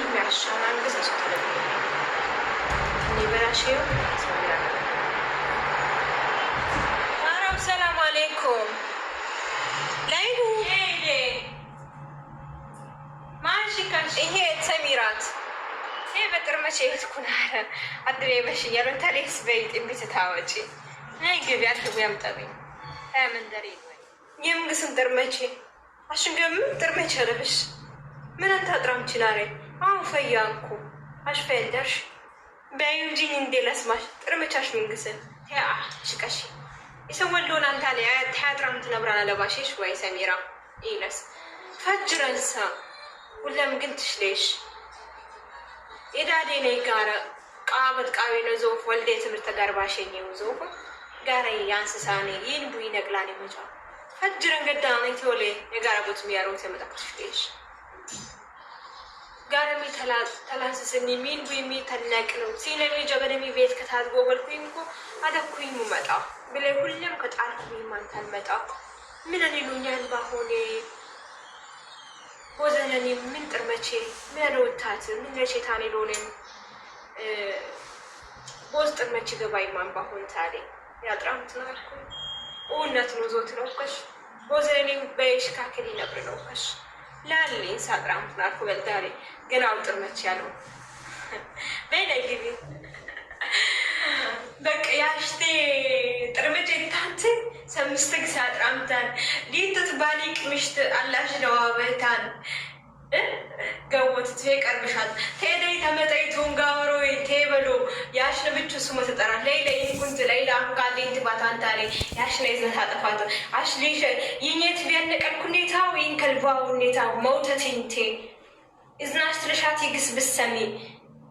የሚያሻማ ንግስ አስቶለብ እኔ በራሴ አረብ ሰላም ይሄ ተሚራት ይሄ በጥርመቼ የትኩናረ አድሬ በሽ ያለታሌስ በይጥ ቤትታወጪ ናይ ገቢ አድርጉ ያምጠብኝ መንደር የምንግስም ጥርመቼ አሽንገም ጥርመቼ ረብሽ ምን አታጥራም ችላሬ አፈያንኩ አሽፈንደርሽ በዩጂን እንዴ ለስማሽ ጥርምቻሽ ምንግስል ያ ሽቀሽ የሰወለውን አንታ ላይ ተያጥራ ለባሽሽ ወይ ሰሚራ ፈጅረንሳ ሁለም ግን ትሽሌሽ የዳዴ ነይ ጋረ ቃበት ነው ወልደ ትምህርት ጋር ባሸኝ ነው ይህን ቡይ ፈጅረን ገዳ ቦት ተላንስስኒ ሚን ጉይሚ ተነቅ ነው ሲለሚ ጀበደሚ ቤት ከታድጎ ወልኩኝ እኮ አደኩኝ መጣ ብለ ሁሌም ከጣልኩኝ ማንታል መጣ ምንን ይሉኛል ባሆኔ ወዘነኒ ምን ጥርመቼ ምን ወታት ምን ታኔ ሎኔም ቦዝ ጥርመቼ ገባይ ማን ባሆን ታሪ ያጥራም ነው አልኩኝ እውነት ነው ዞት ነው ከሽ ወዘነኒ በሽካከል ይነብር ነው ከሽ ላሌ ሳጥራም ናርኩ በልዳሬ ግን አውጥር መች ያለው በይለ ግቢ በቃ ያሽቴ ጥርምጭ ታንት ሰምስትግ ሳጥራምታን ሊትት ባሊቅ ምሽት አላሽ ደዋበታን ገቦት ቴ ቀርብሻል ቴደይ ተመጠይ ቱንጋ ወሮይ ቴ በሎ ያሽነ ብቹ ሱ መተጠራ ለይለ ይንኩንት ለይለ አንካሌ ትባት አንታሬ ያሽነ ይዘት አጥፋት አሽሊሸ ይኘት ቢያነቀል ኩኔታው ይንከልባው ሁኔታው መውተቴንቴ እዝናሽ ትልሻት ይግስ ብሰሚ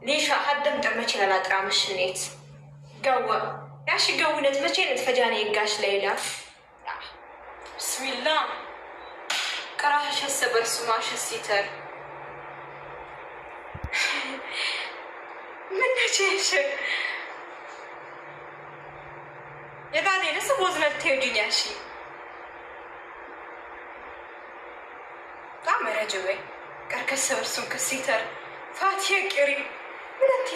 ሌሻ ሀደም ጠመች ይላል አጥራምሽኔት ገወ ያሽ ገውነት መቼ ነት ፈጃኔ ይጋሽ ለይላ ብስሚላ Qarashəsə bir sumaşəsitər. ምን ነሽ? የጋኔንስ ቦዝነት ትሄጂኛሽ ጣመረ ጅቤ ቀርከስ በርሱን ክሲተር ፋትየ ቅሪ ሁለት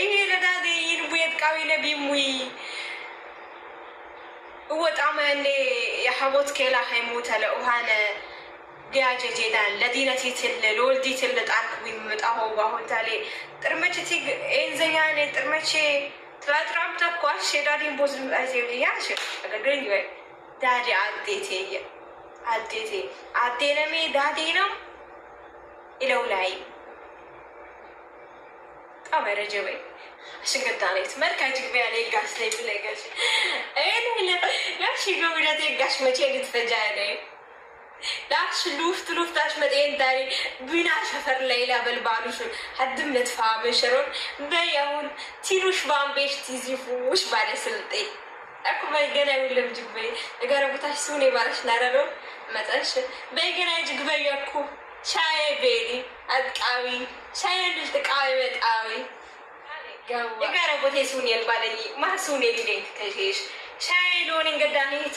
ይሄ ለዳዴ ይንቡ የጥቃዊ ነቢ ሙይ እወጣመ እንዴ የሐቦት ኬላ ሃይሞተ ለኡሃነ ዲያጀ ጄዳን ለዲነት ይትል ለወልዲት ለጣርክ ዊምጣሆ ባሆንታሌ ጥርመች ቲ ኤንዘኛኔ ጥርመቼ ትላጥራም ተኳሽ የዳዲን ቦዝ ምጣዜብልያሽ ገኝ ወይ ዳዲ አዴቴ አዴቴ አዴነሜ ዳዴ ነው ይለው ላይ መረጀ ወይ ሽንቅርታ ላይት ግቢያ ላይ ጋሽ ላይ ብለገሽ ላሽ ገቡዳት ጋሽ መቼ ልትፈጃ ያለይ ላሽ ሉፍት ሉፍታሽ መጤን ታሪ ቢና ሸፈር ላይላ በልባሉሽ ሀድም ነትፋ መሸሮን በያሁን ቲሉሽ ባምቤሽ ቲዚፉሽ ባለስልጤ አኩማ ገና የለም ጅግበይ እጋረቦታሽ ስሁን የባለሽ ናረሮ መጠንሽ በገና ጅግበይ አኩ ሻይ ቤሪ አጥቃቢ ሻይ ልጅ ጥቃቢ በጣቢ የጋረ ቦቴ ሱኔል ባለኝ ማሱኔ ሊዴት ከሽ ሻይ ሎን እንገዳኒት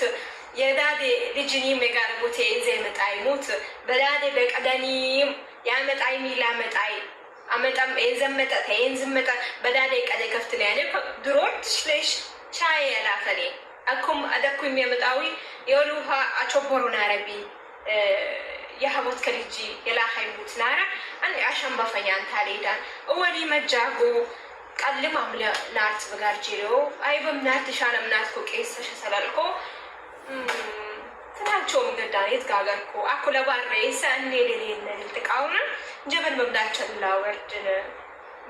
የዳዴ ልጅኒም የጋረ ቦቴ እንዘ መጣይ ሞት በዳዴ በቀደኒም ያመጣይ ሚላ መጣይ አመጣም የዘመጠ ተየንዝመጠ በዳዴ ቀደ ከፍት ነው ያለ ድሮን ትሽለሽ ሻይ ያላፈኔ አኩም አደኩ የሚያመጣዊ የሉሃ አቾቦሩን አረቢ የሀቦት ከልጂ የላሀይቡት ናራ አን አሸንባፈኛን ሌዳን እወዲ መጃጎ ቀልም አምለ ናርት በጋር ጅሎ አይ በምናት ሻለ ምናት ኮ ቄስ ተሸሰላልኮ ትናቸውም ገዳኔት ጋገርኮ አኩ ለባሬሰ እኔ ሌሌነ ልጥቃውነ ጀበን መብላቸን ላወርድን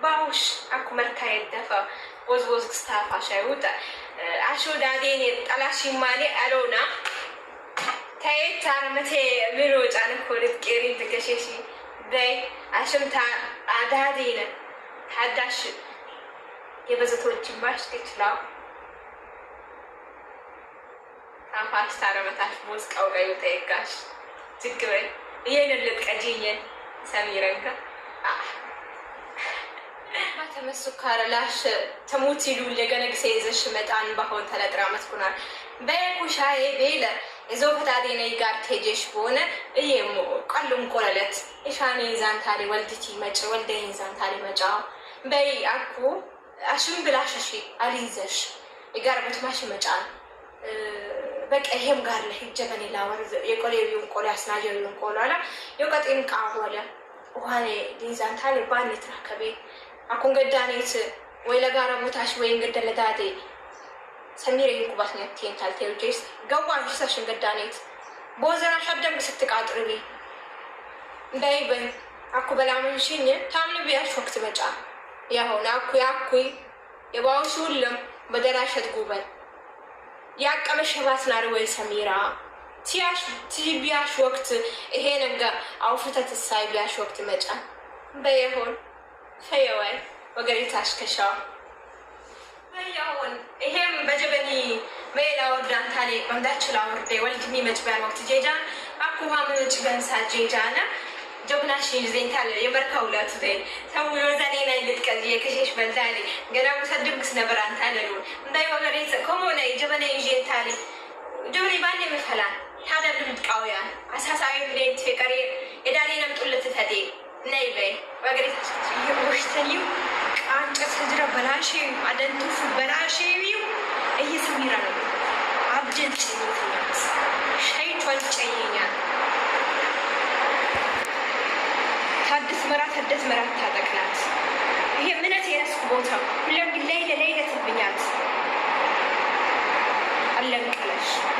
ባውሽ አኩ መርካ የደፈ ወዝወዝ ክስታፋሻ ይውጠ አሾ ዳዴኔ ጠላሽማኔ አሎና ተይት አርመቴ ምሮ ጫን እኮ ልትቄሪን ትገሸሺ በይ አሽምታ አዳዴነ ታዳሽ የበዘቶችን ባሽ ትችላው ታፋሽ ታረመታሽ ቦዝ ቀውቀዩ ተይጋሽ ጅግበይ ይህንን ልጥቀጂኝን ሰሚረንከ ተመሱካረ ላሽ ተሞት ይሉ ለገነ ግሴ ይዘሽ መጣን ባሆን ተለጥራ መስኩናል በኩሻዬ ቤለ እዞ ፈታዴ ነይ ጋር ቴጀሽ በሆነ እየሞ ቀሉም ቆለለት እሻኔ ዛንታሪ ወልድቲ መጭ ወልደ ዛንታሪ መጫ በይ አኩ አሽም ብላሽሽ አሊዘሽ ይጋር በትማሽ መጫን በቃ ይሄም ጋር ለህ ጀበኔ ላወር የቆሌ ቢሆን ቆሎ ያስናጀ ቢሆን ቆሎ አላ የቀጤን ቃ ሆለ ውሃኔ ዲዛንታል ባንትራ ከቤት አኩን ገዳኔት ወይ ለጋራ ሞታሽ ወይ እንገደለዳቴ ሰሚር ይንኩባት ነቴን ታልቴልጄስ ገዋ ሽሳሽን ገዳኔት ቦዘና አደምግ ስትቃጥርቢ እንዳይበን አኩ በላመንሽኝ ታምን ቢያሽ ወቅት መጫ ያሆነ አኩ ያኩ የባውሽ ሁሉም በደራሸት ጉበል ጉበን ያቀበሽ ባስናሪ ወይ ሰሚራ ቲያሽ ቢያሽ ወቅት ይሄ ነገ አውፍተት ሳይ ቢያሽ ወቅት መጫ በየሆን ከየዋይ ወገኔ ታሽከሻ ያውን ይሄም በጀበኒ ሜላ ወርዳን ታሌ መምዳችላ ወርዴ ወልድኒ መጭቢያን ወቅት ጄጃን አኩሃ ምንጭ በንሳ ጄጃነ ጀብናሽ ዜን ታለ የመርካው ለት ዘይ ሰው ወዘኔ ላይ ልጥቀዝ የከሸሽ በልታሊ ገና ሙሰድብክስ ነበር አንታለሉ እንዳይ ወገኔ ኮሞ ናይ ጀበነ ይዤ ታሊ ጀበኔ ባንዴ መፈላ ታደብ ልምጥቃውያን አሳሳቢ ብሌት የቀሬ ነይ በይ በላሽ አደንቱፍ በላሽ እየሰሚራ ነው ታድስ ታደስ ታጠቅናት ይሄ ምነት የረስኩ ቦታ ሁለም ለላይ ለትብኛት